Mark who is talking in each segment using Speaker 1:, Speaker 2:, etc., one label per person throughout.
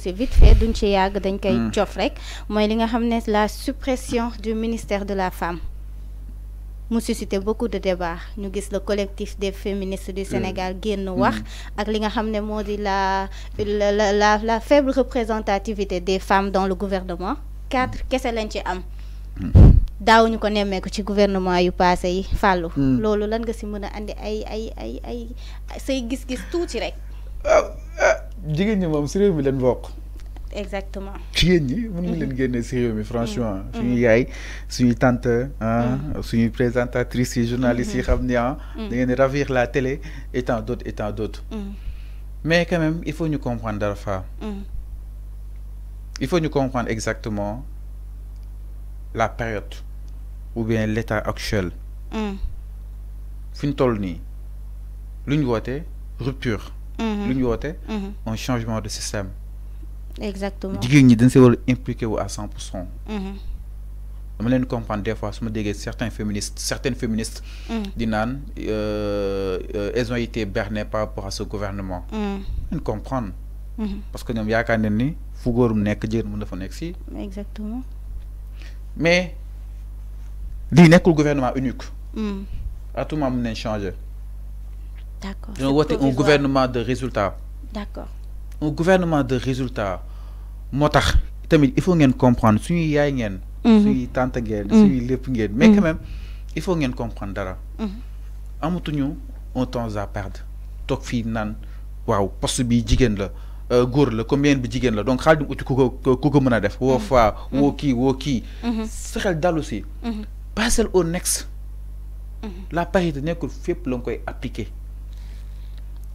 Speaker 1: c'est vite fait d'une ci d'un dañ koy hmm. cof rek mooy li nga la suppression du ministère de la femme nous suscité beaucoup de débats nous gis le collectif des féministes du hmm. Sénégal Guen Noir, hmm. ak li nga la la la la faible représentativité des femmes dans le gouvernement quatre qu'est-ce lañ ci am ñu ko que ci gouvernement yu passé yi fallu lolu lan nga ci mëna aïe andi ay ay ay ay say gis-gis aïe rek ah,
Speaker 2: jigéen ñi moom si réew mi bokk. exactement jigéen ñi mën nga mhm. leen génne si réew mi franchement mhm. suñu mhm. yaay suñu tante ah, suñu présentatrice yi journalistes je xam ne ah da ngeen ravir la télé et tant d'autres et tant d'autres mais quand même il faut ñu comprendre dara il faut ñu comprendre exactement la période ou bien l'état actuel fi ñu toll nii lu ñu rupture Mm-hmm. lu mm-hmm. un changement de système
Speaker 1: exactement jigéen
Speaker 2: ñi dañ à 100% Mm cent mm-hmm. comprendre des fois certains féministes certaines féministes mm. di euh, euh, elles ont été bernées par rapport à ce gouvernement
Speaker 1: On
Speaker 2: mm. comprendre parce que nous yaakaar nañ ni fu góorum nekk jigéen mën fa nekk exactement mais que le gouvernement unique à mm. tout moment mën change. changer D'accord. Dañoo woote un gouvernement de résultats D'accord. un gouvernement de résultats moo tamit il faut ngeen comprendre suñuy yaay ngeen. Mhm. suñuy tante ngeen. Mhm. suñuy lépp ngeen. mais mhm. quand même il faut ngeen comprendre dara. amatuñu on temps à perdre toog fii naan waaw poste bi jigéen la. Euh, góor la combien bi jigen la donc xaalis bi uti ku ko ku ko mën a def. woo faa woo kii woo kii. fexeel dalu si. passer au next. la parité nekkul fépp la nga appliquer.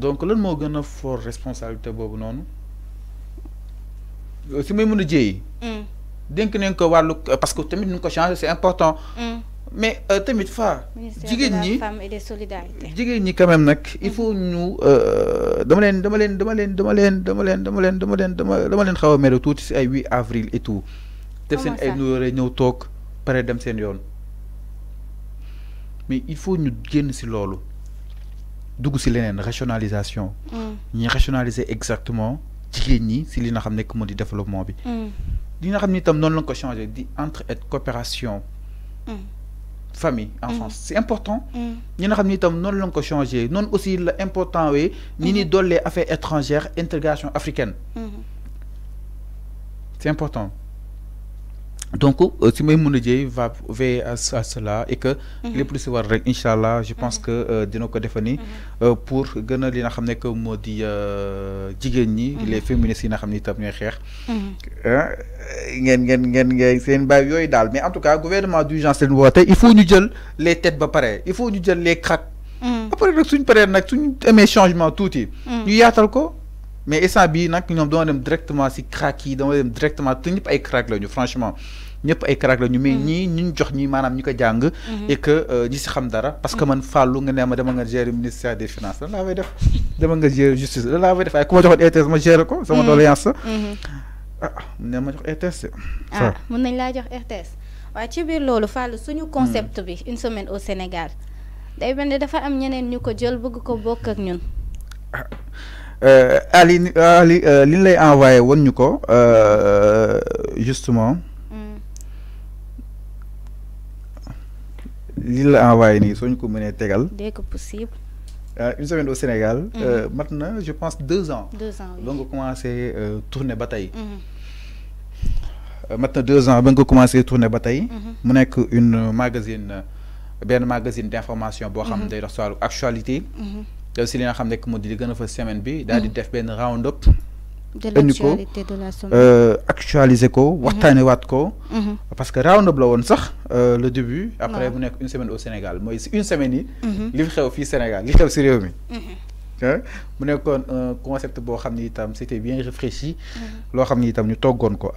Speaker 2: donc lan mo gëna for responsabilité bobu noonu si may mën a jéey. Mm. denk nañ ko walu parce que tamit ñu ko changer c'est important important. Mm. mais euh, tamit fa jigéen ñi jigéen ñi quand même nak il mm. faut ñu euh dama len dama len dama len dama len dama len dama len dama len dama len leen xaw tout ci ay 8 avril et tout. def seen ay nuyoore ñëw tok paré dem seen yoon mais il faut ñu génn si loolu dugg ci leneen rationalisation. Mm. ñi rationaliser exactement jigéen ñi si li nga xam nekk développement bi. Mm. li nga xam ni itam noonu la ko changé di entre être coopération. Mm. famille enfance c'est important. ñi nga xam ni itam noonu la ko changé noonu aussi la important wee. ni ni dollee affaire étrangère intégration africaine. Mm-hmm. c'est important donc euh, si may mën a jëy va veiller à cela et que mhm. les lu si war rek je pense mhm. que euh, dina ko mhm. euh, pour gën a li nga xam ne que moo di jigéen ñi les féministes yi nga xam ne itam ñooy xeex ngeen ngeen ngeen ngeen seen bàyyi yooyu daal mais en tout cas gouvernement d'urgence leen woote il faut ñu jël les têtes ba pare il faut ñu jël les craques après nag suñ paree nag suñ amee changement tuuti ñu yaatal ko mais ça bi nak ñom do directement si crack directement tu ay crack franchement ñep ay crack lañu mais mm. ñi ñu jox ñi manam mm-hmm. et que euh, xam parce que mm-hmm. man fallu nga dama ministère des finances justice def ay ma gérer ko. sama mm-hmm. ah ah mën
Speaker 1: ci concept mm. une semaine au Sénégal day dafa am ñeneen ñu ah,
Speaker 2: euh, Ali Ali euh, ñu lay envoyé woon ñu euh, justement mm. li la envoyé ni soñ ko au tégal
Speaker 1: dès que possible.
Speaker 2: Euh, une semaine au Sénégal. Mm. maintenant je pense deux ans. deux ans oui On mm-hmm. nga commencé tourner bataille. -hmm. maintenant deux ans on nga commencé tourner bataille. tey. Mm-hmm. mu nekk une magazine benn magazine d'information, information xam ne mm-hmm. dox actualité. Je semaine mm. round up. de l'actualité de la semaine euh, actualiser ko mm-hmm. mm-hmm. parce que round la euh, le début. après une semaine au Sénégal une semaine yi. Mm-hmm. li xew Sénégal hein? mu un concept boo xam ni bien réfléchi. loo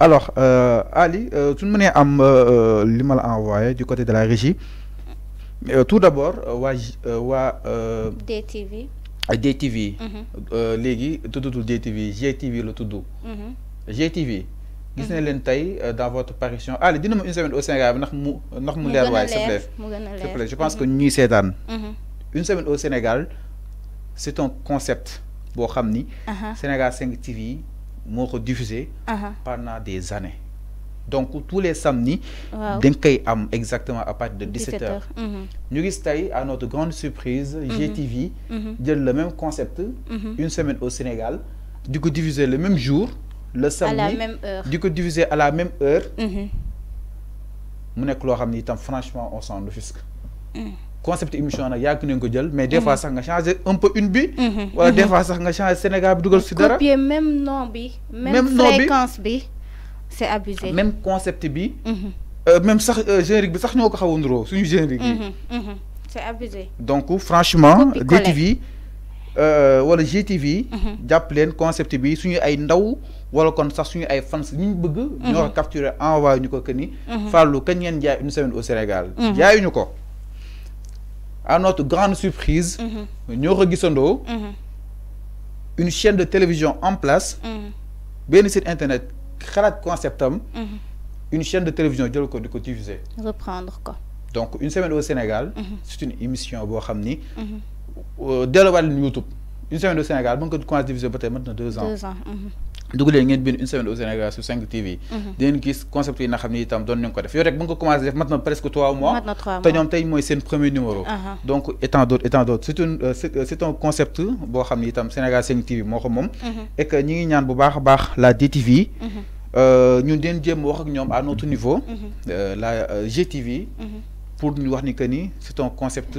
Speaker 2: alors euh, Ali tout mënee am li ma envoyé du côté de la régie. Euh, tout d'abord euh, euh, waa euh,
Speaker 1: DTV.
Speaker 2: DTV. tout tout DTV GTV la tudd. GTV. Mhm. gis nañ mhm. leen tey dans votre parution allez dina une semaine au Sénégal ndax mu ndax mu s'il vous plaît s'il vous plaît je pense mhm. que ñuy seetaan. une semaine au Sénégal c'est un concept boo xam Sénégal 5 TV moo ko diffusé. pendant des années donc tous les samedis d'un exactement à partir de 17 h mhm. Nous gis à notre grande surprise mhm. GTV mhm. jël le même concept une semaine au Sénégal du coup, divisé le même jour le samedi du coup, divisé à la même heure mu nekk loo xam ni franchement on s'en offusque concept émission a yàgg nañ ko mais des fois ça nga un peu une bi wala des fois ça nga changer Sénégal bi dugal copier
Speaker 1: même nom bi même fréquence bi c'est abusé même
Speaker 2: concept bi. Mhm. Euh, même sax euh, générique bi sax ñoo ko xaw a suñu générique mhm,
Speaker 1: mhm. c'est abusé.
Speaker 2: donc franchement. DTV euh, wala GTV. jàpp leen concept bi suñu ay ndaw wala kon sax suñu ay fans li ñu bëgg. ñoo ko en voie. ñu ko que ni. Fallou kañ ngeen jaay une semaine au Sénégal. une quoi à notre grande surprise. nous ko gisandoo. une chaîne de télévision en place. benn site internet xalaat concept mhm. une chaîne de télévision jël ko di ko diffuser.
Speaker 1: reprendre quoi
Speaker 2: donc une semaine au Sénégal. Mhm. c'est une émission boo xam mhm. euh, delluwaat leen YouTube une semaine au Sénégal ba nga ko commencé diffuser ba tey maintenant deux ans. deux ans dugg leen ngeen une semaine au Sénégal sur 5 TV. Mhm. di ngeen gis concept yi nga xam ni itam doon nañ ko def yow rek bu nga ko commencé def mat presque 3 mois. mat na 3 mois te ñoom tey mooy seen premier numéro. donc étant d'autres étant d'autres c'est une euh, euh, c'est un concept boo xam itam Sénégal 5 TV moo ko mhm. et que ñi ngi ñaan bu baax a baax la DTV. Mhm. Euh, ñun deen jéem wax ak ñoom à notre niveau. euh, la GTV. pour ñu wax ni que ni c'est un concept.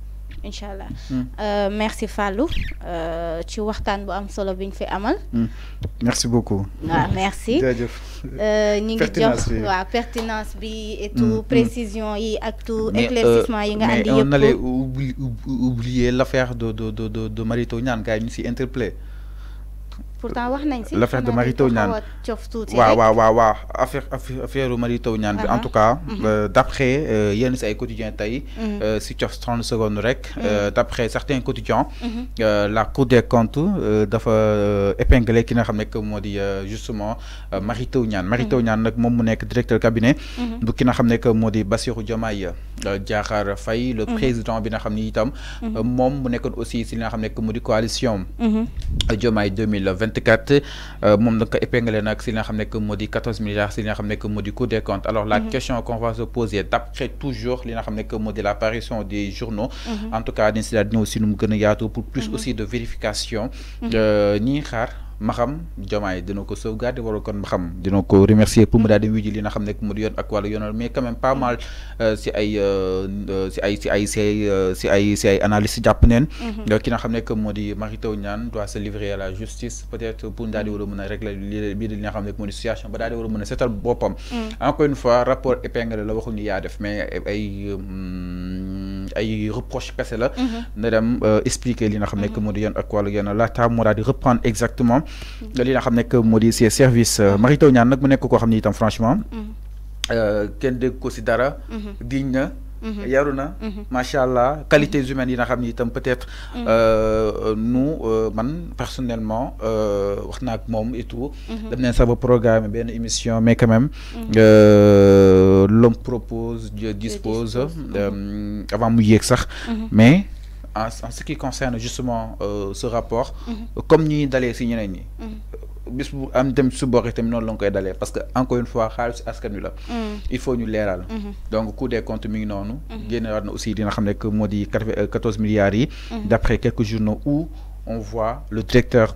Speaker 2: incha hmm.
Speaker 1: euh, merci Fallou euh, ci waxtan bu am solo bi fi amal.
Speaker 2: Hmm. merci beaucoup. waaw merci jërëjëf.
Speaker 1: Euh, ñu ngi jox wa pertinence bi et hmm, tout précision yi ak tout euh, éclaircissement yi nga andi yépp mais on allait
Speaker 2: oublier l'affaire de de de de de Teuw Niane gars ñu si interpellé
Speaker 1: pourtant l'affaire de marie Teuw Oui, oui, waaw
Speaker 2: waaw affaire affaire en uh-huh. tout cas. Uh-huh. Euh, d'après euh, yenn si ay quotidiens tey. Uh-huh. Euh, si 30 secondes d'après certains quotidiens. la Cour des comptes dafa épinglé qui n'a jamais que moo dit justement marie Teuw marie Mary Teuw directeur cabinet. bu ki n'a xam ne modi Bassirou Diomaye Diakhar Faye. le président bi nga xam itam. mu aussi si na nga que modi coalition. Diomaye 2021. 2024 mom nak épinglé nak si nga xam nekk moo 14 milliards si nga xam nekk moo coup Cour des comptes alors la mhm. question qu'on va se poser d'après toujours li nga xam que modi l'apparition des journaux mhm. en tout cas d'ici là nous aussi nous mu gën pour plus mhm. aussi de vérification ni euh, xaar ma xam Diomaye dina ko sauvegarder wala kon ma xam dina ko remercier pour mu daal di wujji li nga xam ne mu di yoon ak wàllu yoonal mais quand même pas mal euh, euh, si ay si ay si ay euh, si ay analyse jàpp neen mhm. ki nga xam ne que di Mary doit se livrer à la justice peut-être pour daal di war a mën a régler li bii di xam ne moo di situation ba daal di war a mën a seetal boppam mhm. encore une fois rapport épinglé la waxul yaa def mais ay reproche kese la mhm. ne dem euh, expliquer li nga xam nekk mhm. moo di ak wàllu yoon la ta daal di reprendre exactement mhm. li nga xam nekk moo di ses services euh, Mary Teuw Niane mu nek ko xam ne itam franchement euh ken de si dara Mm-hmm. yaruna, na qualité humaine qualités peut-être mm-hmm. euh, nous euh, personnellement euh, nous avons ak et tout mm-hmm. programme émission mais quand même l'homme propose Dieu dispose avant mu sax mais en ce qui concerne justement ce rapport comme nous d'aller si ñeneen bis bu am parce que encore une fois mm. il faut ñu leeral. Mm-hmm. donc coup des comptes mi ngi noonu. Mm-hmm. aussi dina xam milliards yi. Mm-hmm. quelques journaux où on voit le directeur.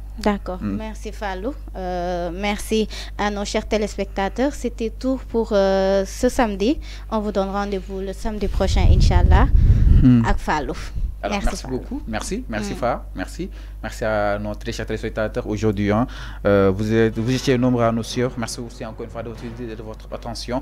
Speaker 1: D'accord. Mm. Merci Fallou. Euh, merci à nos chers téléspectateurs. C'était tout pour euh, ce samedi. On vous donne rendez-vous le samedi prochain, Inch'Allah, mm. avec Fallou. merci, beaucoup.
Speaker 2: Merci, merci mm. merci. Merci à nos très chers téléspectateurs aujourd'hui. Hein. Euh, vous, vous étiez nombreux à nous suivre. Merci aussi encore une fois de votre attention.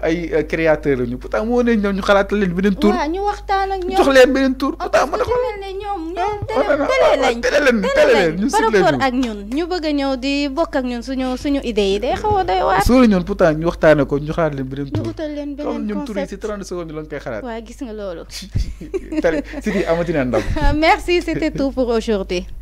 Speaker 2: ay créateur la ñu pourtant moo ne ñoom ñu xalaatal leen beneen tour waaw ñu
Speaker 1: waxtaan ak ñoom jox leen
Speaker 2: beneen tour pourtant mën na ko mel ne ñoom ñoom ah, ah,
Speaker 1: ñu ñu bëgg ñëw di bokk ak ñun suñu suñu idée yi day xaw a doy waar suñu
Speaker 2: ñoon pourtant ñu waxtaane ko ñu xalaat leen beneen tour ñu
Speaker 1: leen beneen concept ñun tour yi ci
Speaker 2: 30 secondes lañ koy xalaat waaw gis nga loolu
Speaker 1: tari si di amatina ndam merci c'était tout pour aujourd'hui